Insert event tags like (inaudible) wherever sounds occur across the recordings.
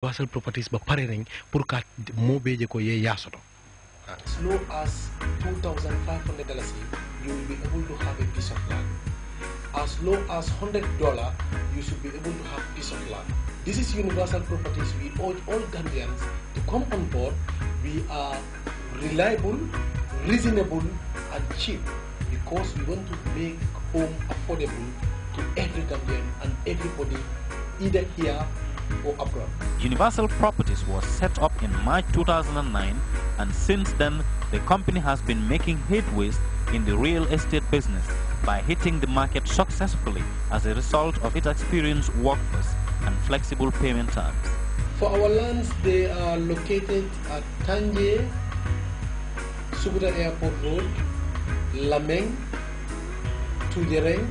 universal properties ba pare nañ pour ka moo beeje ko as low as 2500 dollars you will be able to have a piece of land as low as 100 dollar you should be able to have piece of land this is universal properties we urge all Gambians to come on board we are reliable reasonable and cheap because we want to make home affordable to every Gambian and everybody either here or abroad. Universal Properties was set up in March 2009 and since then the company has been making headways in the real estate business by hitting the market successfully as a result of its experienced workforce and flexible payment terms. For our lands, they are located at Tangier, Subuta Airport Road, Lameng, Tujereng,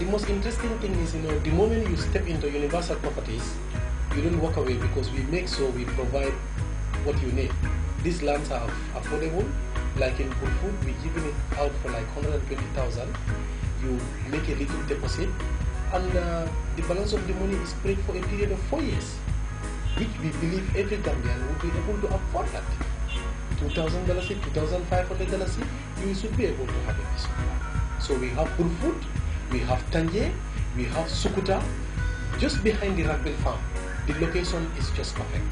the most interesting thing is, you know, the moment you step into universal properties, you don't walk away because we make sure we provide what you need. These lands are affordable. Like in Burfood, we're giving it out for like 120,000. You make a little deposit, and uh, the balance of the money is spread for a period of four years, which we believe every Gambian will be able to afford that. $2,000, $2,500, you should be able to have a land. So we have food we have Tanje, we have Sukuta. Just behind the Rugby farm, the location is just perfect.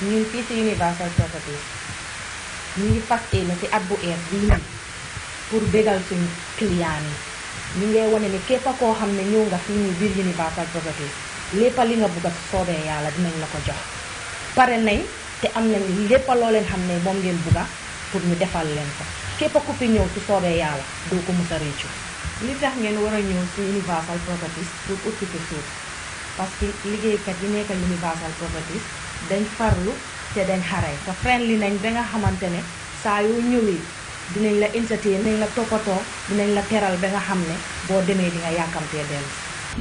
ñun fii si Universal Properties ñu ngi fas yéene si at bu ees bii pour bégal suñu client yi ñu ngi wane ni képp koo xam ne ñëw nga fii ñu biir Universal Properties lépp li nga bëgg a soobee yàlla dinañ la ko jox pare nañ te am nañ lépp loo leen xam ne moom ngeen bëgg a pour ñu defal leen ko képp ku fi ñëw su soobee yàlla doo ko mos a li tax ngeen war a ñëw si Universal su pour utti ko suuf parce que liggéeykat yi nekkal Universal Properties dañ farlu te dañ xare te friendly nañ ba nga xamante ne saa yoo ñëwee dinañ la entertain dinañ la toppatoo dinañ la teral ba nga xam ne boo demee di nga yàkkamtee dellu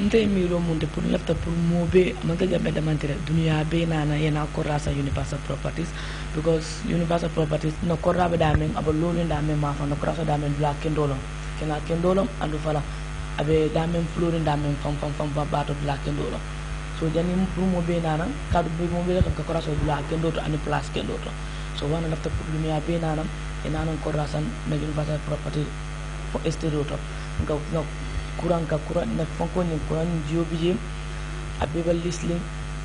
ntey miiloo munte pour lefta pour moobe amanta jambe damantire duniya be nana yena korra sa universal properties because universal properties no korra be da men aba lolu da men ma fana korra so da men dula kendolom kena kendolom andu fala abe so jani rumo be nanam kadu be mo be kam ka koraso bula ken doto ani place ken doto so wana nafta problem ya be nanam e nanon korasan nagin fasa property for estate to ga ga kuran ka kuran na fonko ni kuran jiyo bije abe bal lisling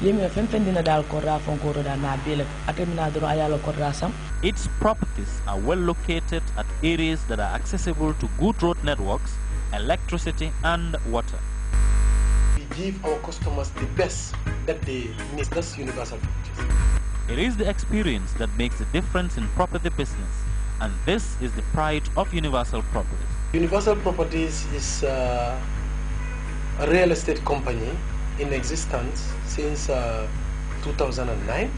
yemi fen fen dina dal ko ra fonko ro da na bele atamina dro ayalo ko rasam its properties are well located at areas that are accessible to good road networks electricity and water give our customers the best that they need. That's universal purchase. It is the experience that makes a difference in property business, and this is the pride of Universal Properties. Universal Properties is uh, a real estate company in existence since uh, 2009.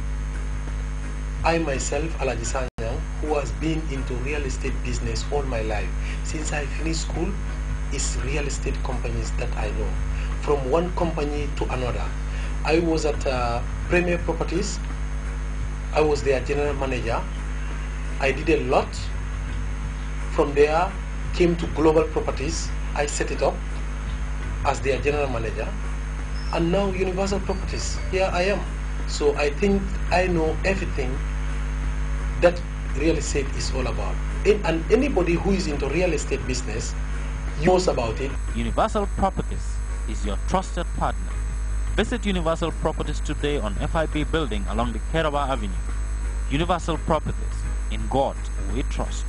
I myself, Alaji Sanyang, who has been into real estate business all my life, since I finished school, is real estate companies that I know from one company to another. I was at uh, Premier Properties. I was their general manager. I did a lot. From there, came to Global Properties. I set it up as their general manager. And now Universal Properties, here I am. So I think I know everything that real estate is all about. And anybody who is into real estate business knows about it. Universal Properties is your trusted partner. Visit Universal Properties today on FIP Building along the Kerawa Avenue. Universal Properties. In God, we trust.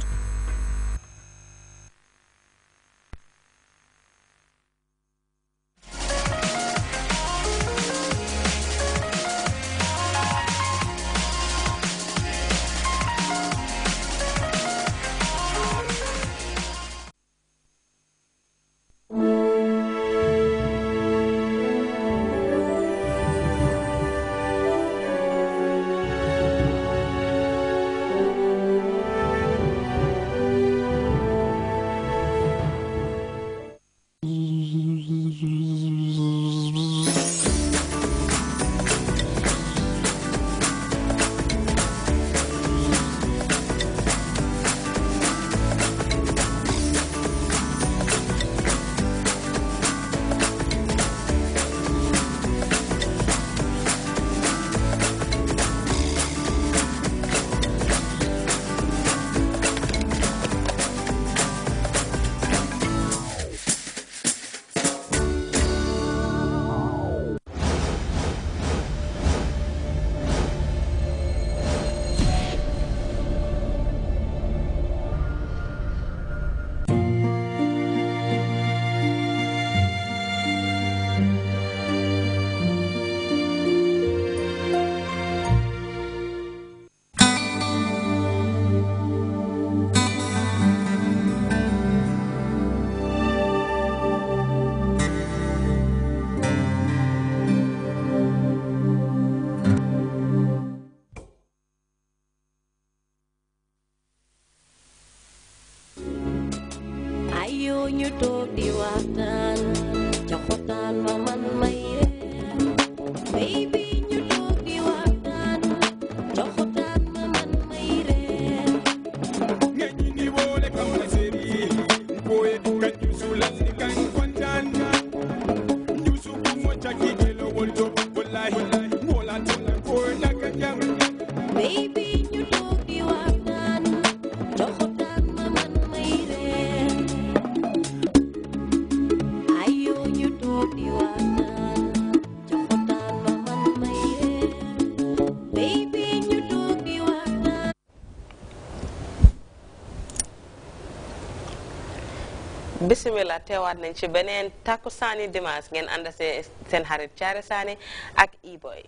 bisimilah teewaat nañ ci beneen takku saani dimanche ngeen se seen xarit Caare Saane ak E-boy.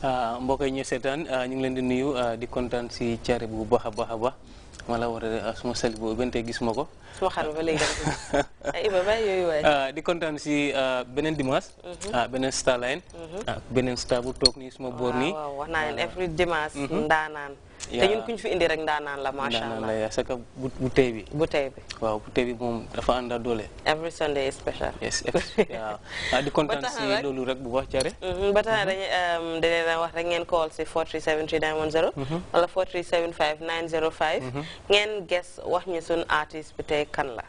Ah, mbokk yi ñu seetaan ah, ñu ngi leen di nuyu ah, di kontaan si caare bu baax a baax a baax ma la war a suma sali boobu benn tey gis ma ko. suma xarit ba léegi (laughs) di kontaan si beneen dimanche. Mhm. beneen star line. Mhm. beneen star bu toog nii suma boor nii. waaw waaw wax mhm. ndaanaan. te ñun ya. ku ñu fi indi rek ndaanaan la macha ya, ndaanaan la parce que bouteille bi. bouteille bi waaw bouteille bi moom dafa ànd ak every Sunday is special. yes Ya, (laughs) di kontaan si loolu rek bu baax jare. Mm-hmm, ba tax na dañuy um, dañu leen wax rek ngeen call si 4373910. Mm-hmm. wala 4375905. Mm-hmm. ngeen guess wax ñu sun artiste bi tey kan la.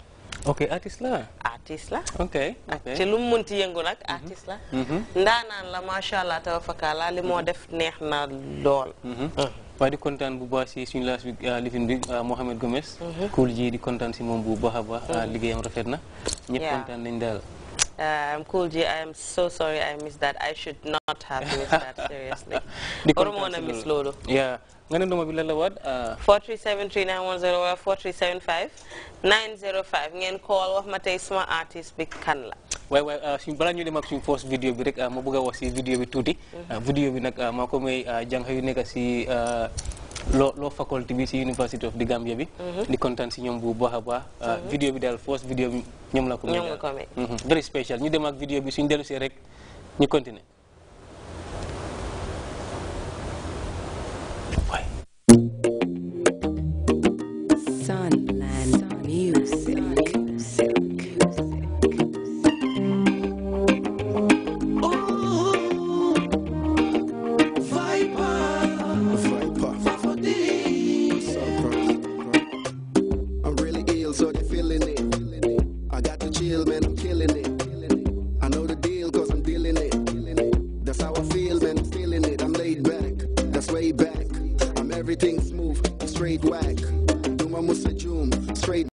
ok artist la. Artist la. ok ok ci lu mu mënti artist nag artiste la. ndaanaan la macha allah tabaaraka laa li moo def neex na lool. waaye di kontaan bu baax si suñu laas bi euh, lifin bi euh, Mohamed Gomes. kuul mhm. di kontaan si moom bu baax a baax. Mhm. liggéeyam rafet na. ñëpp kontaan nañ daal. Um, cool G, I am so sorry I missed that. I should not have missed that, (laughs) seriously. I don't want to miss Lolo. Yeah. Nga ne number bi la wat? Uh, ngeen call wax ma tey suma artist bi kan la. waaye waaye uh, suñ balaa ñu de ak suñu first vidéo bi rek uh, ma bëgg wax si vidéo bi tuuti. Mm-hmm. vidéo bi nag maa may jàng yu nekk si loo loo faculté bi si University of the Gambia bi. Mhm. di kontaan si ñoom bu baax a baax. Mhm. Ah, vidéo bi daal fausse vidéo bi ñoom la ko. ñoom mhm. very special ñu dem ak vidéo bi suñu dellu see rek ñu continuer.